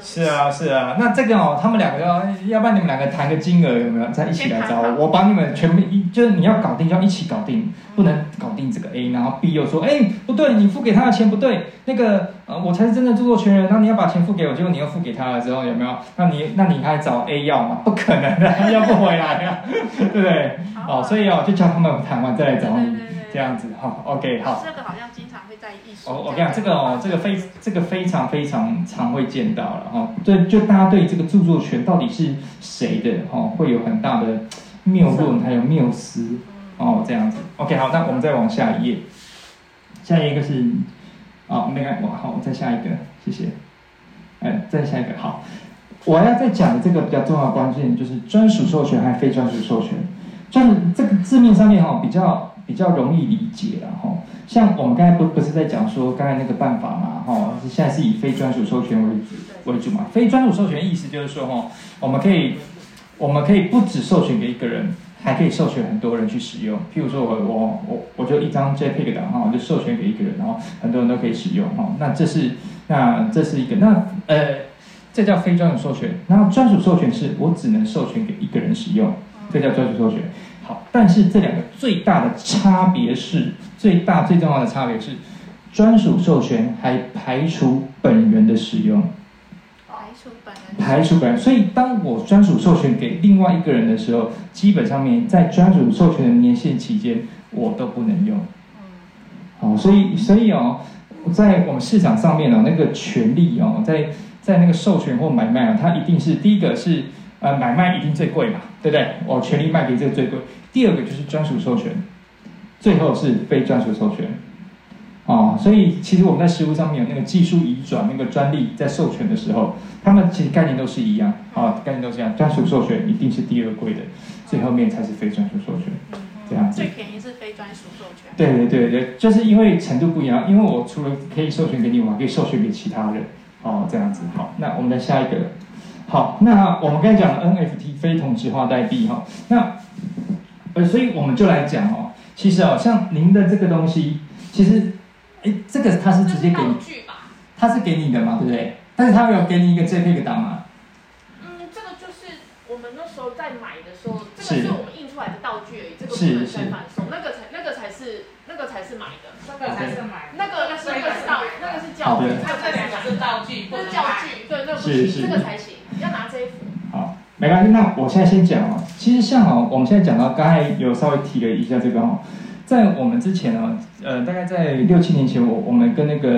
是啊是啊，那這個哦，他們兩個要，要不然你們兩個談個金額有沒有？再一起來找我，我把你們全部一，就是你要搞定就要一起搞定，不能搞定這個 A，然後 B 又說，哎不對，你付給他的錢不對，那個呃我才是真的著作權人，那你要把錢付給我，結果你又付給他了之後有沒有？那你那你還找 A 要嗎？不可能的，要不回來呀，對不對？好，所以哦，就叫他們談完再來找你，這樣子哈，OK 好。這個好像經常。哦，我講、oh, okay, 這個哦，這個非對這個非常非常常會見到了哈、哦。對，就大家對這個著作權到底是誰的哈、哦，會有很大的謬論還有謬思、啊、哦，這樣子。嗯、OK，好，啊、那我們再往下一頁，下一個是啊，哦嗯、沒看我，好，我再下一個，謝謝。哎、嗯，再下一個，好，我要再講的這個比較重要的關鍵就是專屬授權還是非專屬授權，專這個字面上面哈、哦、比較。比較容易理解然後哈，像我們剛才不不是在講說剛才那個辦法嘛哈，現在是以非專屬授權為主為主嘛。非專屬授權意思就是說哈，我們可以我們可以不止授權給一個人，還可以授權很多人去使用。譬如說我我我我就一張 JPEG 檔哈，我就授權給一個人，然後很多人都可以使用哈。那這是那這是一個那呃，這叫非專屬授權。然後專屬授權是我只能授權給一個人使用，這叫專屬授權。但是這兩個最大的差別是，最大最重要的差別是，專屬授權還排除本人的使用，排除本人，排除本人。所以當我專屬授權給另外一個人的時候，基本上面在專屬授權的年限期間，我都不能用。好、嗯哦，所以所以哦，在我們市場上面呢、哦，那個權利哦，在在那個授權或買賣啊，它一定是第一個是呃買賣一定最貴嘛，對不對？我權利賣給這個最貴。第二個就是專屬授權，最後是非專屬授權，哦，所以其實我們在實務上面有那個技術移轉、那個專利在授權的時候，它們其實概念都是一樣，啊、哦，概念都是這樣。專屬授權一定是第二貴的，最後面才是非專屬授權，嗯、這樣子。最便宜是非專屬授權。對對對對，就是因為程度不一樣，因為我除了可以授權給你，我還可以授權給其他人，哦，這樣子，好，那我們再下一個，好，那我們剛才講 NFT 非同質化代幣，哈、哦，那。呃，所以我們就來講哦，其實哦，像您的這個東西，其實，哎，這個它是直接給你，它是給你的嘛，對不對？但是它有給你一個這個檔案。嗯，這個就是我們那時候在買的時候，這個是我們印出來的道具而已，這個是，身贈送，那個才那個才是那個才是買的，那個才是買，那個那個是道具，那個是教具，那這兩個是道具，是教具，對，那個不行，這個才行，要拿這一幅。沒關係，那我現在先講哦。其實像哦，我們現在講到剛才有稍微提了一下這個哦，在我們之前哦，呃，大概在六七年前，我我們跟那個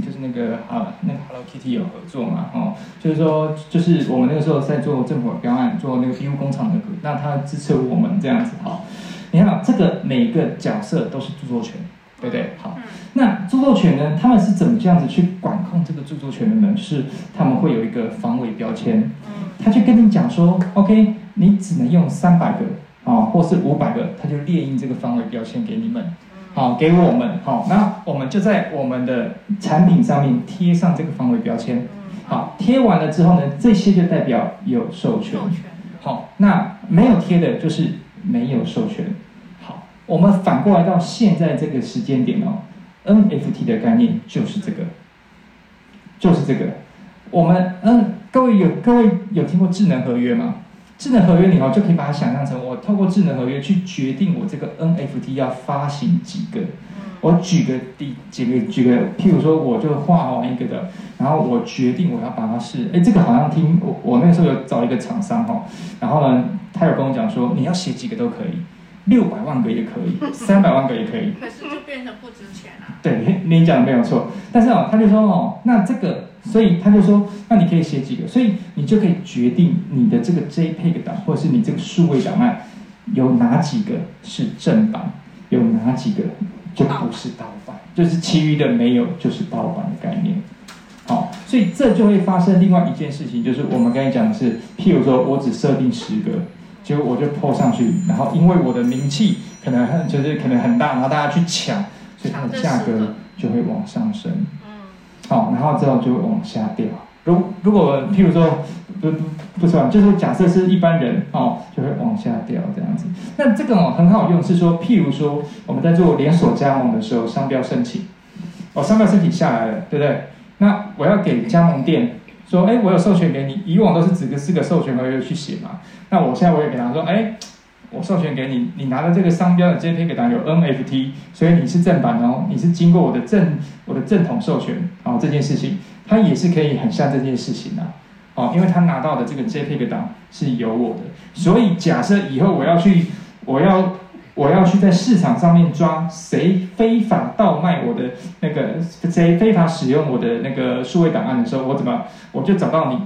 就是那個啊那個 Hello Kitty 有、哦、合作嘛哦，就是說就是我們那個時候在做政府的標案，做那個 B U 工廠的那他支持我們這樣子好。你看、哦、這個每一個角色都是著作權，對不對？好，嗯、那。著作權呢？他們是怎麼這樣子去管控這個著作權的呢？是他們會有一個防偽標籤，他就跟你講說：“OK，你只能用三百個啊、哦，或是五百個，他就列印這個防偽標籤給你們，好、哦、給我們，好、哦，那我們就在我們的產品上面貼上這個防偽標籤，好、哦，貼完了之後呢，這些就代表有授權，好、哦，那沒有貼的就是沒有授權，好、哦，我們反過來到現在這個時間點哦。NFT 的概念就是這個，就是這個。我們嗯，各位有各位有聽過智能合約嗎？智能合約，你以後就可以把它想象成，我透過智能合約去決定我這個 NFT 要發行幾個。我舉個舉個舉個，譬如說，我就畫完一個的，然後我決定我要把它是，哎，這個好像聽我我那時候有找一個廠商哈，然後呢，他有跟我講說，你要寫幾個都可以。六百萬個也可以，三百萬個也可以，可是就變成不值錢了啊。對，你講的沒有錯，但是哦，他就說哦，那這個，所以他就說，那你可以寫幾個，所以你就可以決定你的這個 JPEG 檔或者是你這個數位檔案，有哪幾個是正版，有哪幾個就不是盜版，就是其餘的沒有就是盜版的概念。好哦，所以這就會發生另外一件事情，就是我們剛才講的是，譬如說我只設定十個。就我就 PO 上去，然後因為我的名氣可能很就是可能很大，然後大家去搶，所以它的價格就會往上升。嗯。好、哦，然後之後就會往下掉。如果如果譬如說不不不就是假設是一般人哦，就會往下掉這樣子。那這個哦很好用，是說譬如說我們在做連鎖加盟的時候，商標申請哦，商標申請下來了，對不對？那我要給加盟店。說，哎，我有授權給你，以往都是指個四個授權合約去寫嘛，那我現在我也給他說，哎，我授權給你，你拿到這個商標的 JPEG 檔有 NFT，所以你是正版哦，你是經過我的正我的正統授權，哦，這件事情他也是可以很像這件事情的哦，因為他拿到的這個 JPEG 檔是由我的，所以假設以後我要去，我要。我要去在市場上面抓誰非法倒賣我的那個，誰非法使用我的那個數位檔案的時候，我怎麼我就找到你？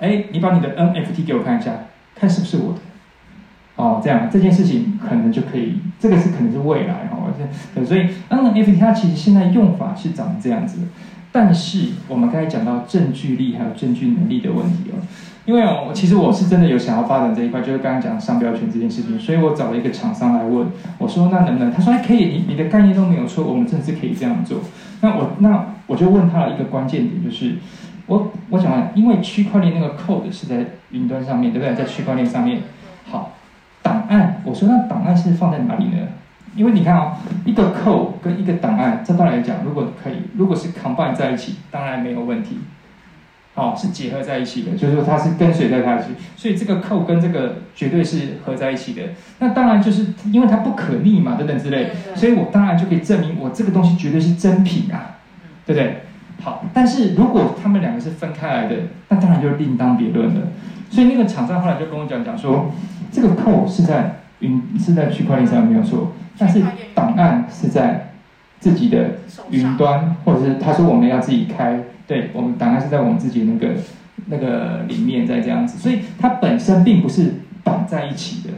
哎，你把你的 NFT 給我看一下，看是不是我的？哦，這樣這件事情可能就可以，這個是可能是未來哈，哦。所以 NFT 它其實現在用法是長這樣子的，但是我們剛才講到證據力還有證據能力的問題哦。因為哦，其實我是真的有想要發展這一塊，就是剛剛講商標權這件事情，所以我找了一個廠商來問，我說那能不能？他說誒可以，你你的概念都沒有錯，我們真的是可以這樣做。那我那我就問他一個關鍵點，就是我我想，因為區塊鏈那個 code 是在雲端上面，對不對？在區塊鏈上面，好，檔案，我說那檔案是放在哪裡呢？因為你看哦，一個 code 跟一個檔案，這段來講，如果可以，如果是 combine 在一起，當然沒有問題。哦，是結合在一起的，就是說它是跟隨在它的，所以這個扣跟這個絕對是合在一起的。那當然就是因為它不可逆嘛，等等之類，對對對，所以我當然就可以證明我這個東西絕對是真品啊，嗯、對不對？好，但是如果他們兩個是分開來的，那當然就另當別論了。所以那個廠商後來就跟我講講說，這個扣是在雲，是在區塊鏈上沒有錯，但是檔案是在自己的雲端，或者是他說我們要自己開。對，我們檔案是在我們自己那個那個裡面在這樣子，所以它本身並不是綁在一起的，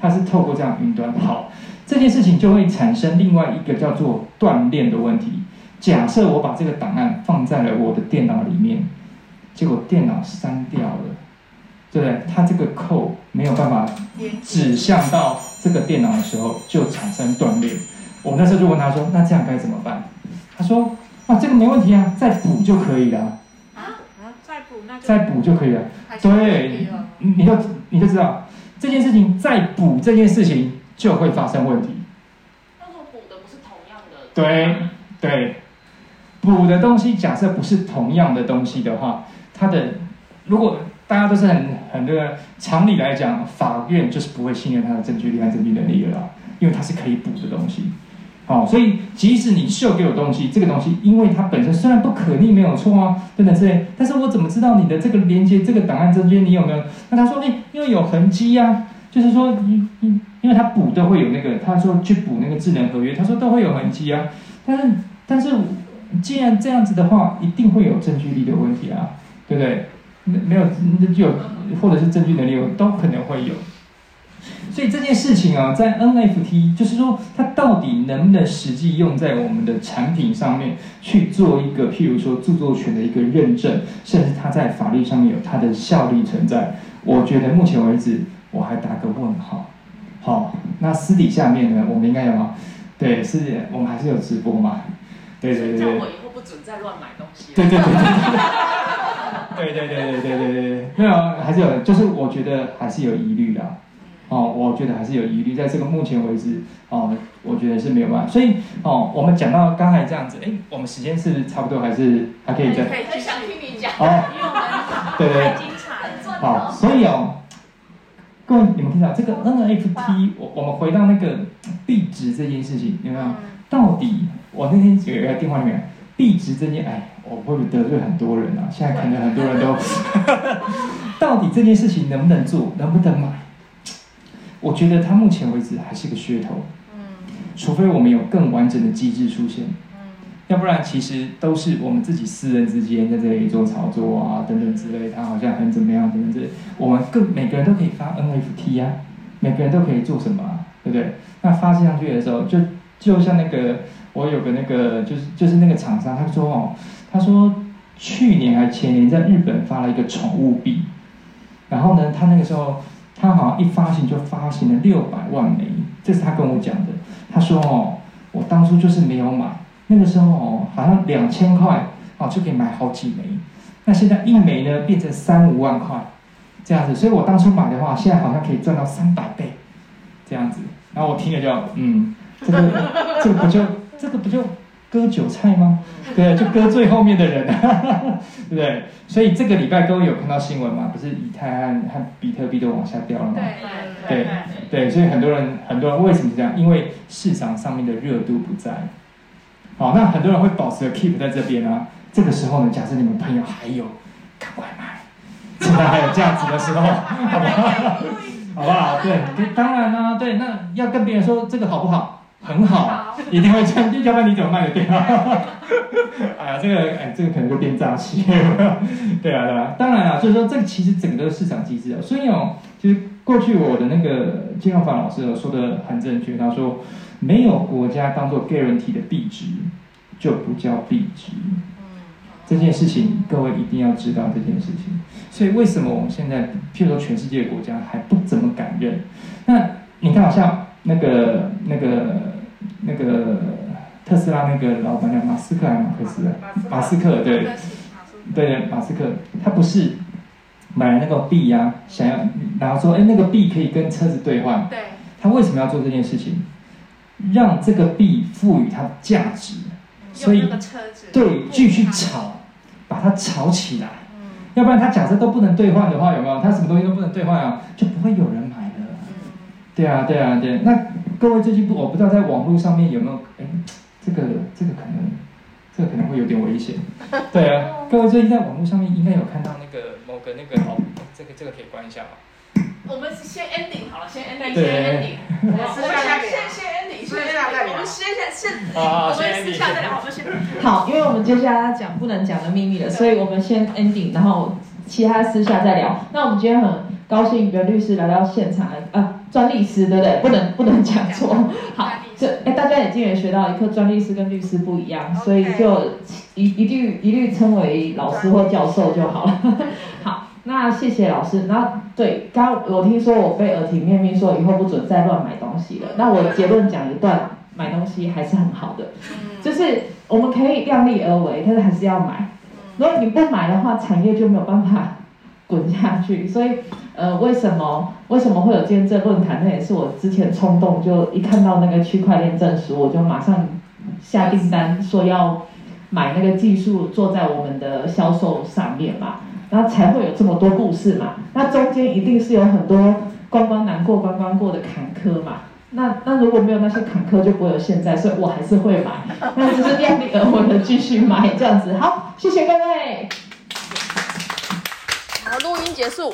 它是透過這樣雲端。好，這件事情就會產生另外一個叫做斷鏈的問題。假設我把這個檔案放在了我的電腦裡面，結果電腦刪掉了，對不對？它這個扣沒有辦法指向到這個電腦的時候，就產生斷鏈。我那時候就問他說：“那這樣該怎麼辦？”他說。啊，這個沒問題啊，再補就可以了。啊啊，再補，那再補就可以了。了對，你就你就知道這件事情再補這件事情就會發生問題。但是補的不是同樣的。對對，補的東西假設不是同樣的東西的話，它的如果大家都是很很這個常理來講，法院就是不會信任他的證據力和證據能力了，因為它是可以補的東西。哦，所以即使你秀給我東西，這個東西，因為它本身雖然不可逆，沒有錯啊，等等之類，但是我怎麼知道你的這個連接、這個檔案、證件你有沒有？那他說，哎、欸，因為有痕跡啊，就是說，因因因為他補都會有那個，他說去補那個智能合約，他說都會有痕跡啊。但是，但是，既然這樣子的話，一定會有證據力的問題啊，對不對？沒沒有，那就有或者是證據能力有都可能會有。所以這件事情啊，在 NFT，就是說它到底能不能實際用在我們的產品上面去做一個，譬如說著作權的一個認證，甚至它在法律上面有它的效力存在？我覺得目前為止，我還打個問號。好，那私底下面呢，我們應該有嗎？對，私底下我們還是有直播嘛。對對對對。叫我以後不准再亂買東西。對對對對對對對對，沒有，還是有，就是我覺得還是有疑慮的。哦，我覺得還是有疑慮，在這個目前為止，哦，我覺得是沒有辦法。所以，哦，我們講到剛才這樣子，哎，我們時間是，不是差不多，還是還可以還可以再想聽你講。哦，對 *laughs* 對對。太精彩了，好，所以，所以哦，各位你們聽到這個 NFT，怕我我們回到那個幣值這件事情，有沒有？嗯，到底我那天在電話裡面幣值這件，哎，我會不會得罪很多人啊？現在可能很多人都， *laughs* *laughs* 到底這件事情能不能做，能不能買？我覺得它目前為止還是個噱頭，嗯，除非我們有更完整的機制出現，要不然其實都是我們自己私人之間在這裡做操作啊，等等之類。它好像很怎麼樣，等等之類。我們更每個人都可以發 NFT 啊，每個人都可以做什麼啊，對不對？那發上去的時候，就就像那個我有個那個就是就是那個廠商，他說哦，他說去年還前年在日本發了一個寵物幣，然後呢，他那個時候。他好像一發行就發行了六百萬枚，這是他跟我講的。他說：“哦，我當初就是沒有買，那個時候哦，好像兩千塊哦就可以買好幾枚，那現在一枚呢變成三五萬塊，這樣子。所以，我當初買的話，現在好像可以賺到三百倍，這樣子。然後我聽了就，嗯，這個，這個不就，這個不就。”割韭菜嗎？對，就割最後面的人， *laughs* *laughs* 對不對？所以這個禮拜都有看到新聞嘛，不是以太坊和比特幣都往下掉了嗎？嗯、對對，所以很多人，很多人為什麼這樣？因為市場上面的熱度不在。好，那很多人會保持着 keep 在這邊呢、啊。這個時候呢，假設你們朋友還有，趕快買。現 *laughs* 在還有價值的時候，好不 *laughs* *laughs* 好？好不好？對，當然啦、啊，對，那要跟別人說這個好不好？很好，一定 *laughs* 會這樣。就看你怎麼賣的掉。哎呀、 *laughs* 啊，這個哎，這個可能就變詐欺、 *laughs* 啊，對啊，對啊，當然啊，所以說這個其實整個市場機制啊。所以啊，就是過去我的那個金融法老師有說的很正確，他說沒有國家當做 guarantee 的幣值，就不叫幣值。這件事情各位一定要知道這件事情。所以為什麼我們現在，譬如說全世界的國家還不怎麼敢認？那你看，好像那個那個。那個特斯拉那個老板叫馬斯克還是馬克思馬，馬斯克對，馬斯克對，馬斯，對馬斯克，他不是買了那個幣呀、啊，想要然後說，哎，那個幣可以跟車子兌換。對。他為什麼要做這件事情？讓這個幣賦予它價值，所以對，繼續炒，把它炒起來。嗯、要不然他假設都不能兌換的話，有沒有？他什麼東西都不能兌換啊，就不會有人買的了。嗯、對啊，對啊，對，那。各位最近不，我不知道在網絡上面有沒有，哎，這個這個可能，這個可能會有點危險，對啊。各位最近在網絡上面應該有看到那個某個那個，這個這個可以關一下啊。我們先 ending 好了，先 ending，先 ending。我們私下先先 ending，先先 n 我們先。我們私下再聊，我們先。好，因為我們接下來要講不能講的秘密了，所以我們先 ending，然後其他私下再聊。那我們今天很高興，袁律師來到現場啊。專利師對不對？不能不能講錯。好，這欸大家也竟然學到一課，專利師跟律師不一樣，所以就一一,一律一律稱為老師或教授就好了。好，那謝謝老師。那對，剛，剛我聽說我被耳提面命說以後不准再亂買東西了。那我結論講一段，買東西還是很好的，就是我們可以量力而為，但是還是要買。如果你不買的話，產業就沒有辦法。滾下去，所以，呃，為什麼，為什麼會有今天這論壇？那也是我之前衝動，就一看到那個區塊鏈證書，我就馬上下訂單，說要買那個技術，做在我們的銷售上面嘛，然後才會有這麼多故事嘛。那中間一定是有很多關關難過關關過的坎坷嘛。那那如果沒有那些坎坷，就不會有現在。所以我還是會買， *laughs* 那只是量力而為的繼續買這樣子。好，謝謝各位。結束。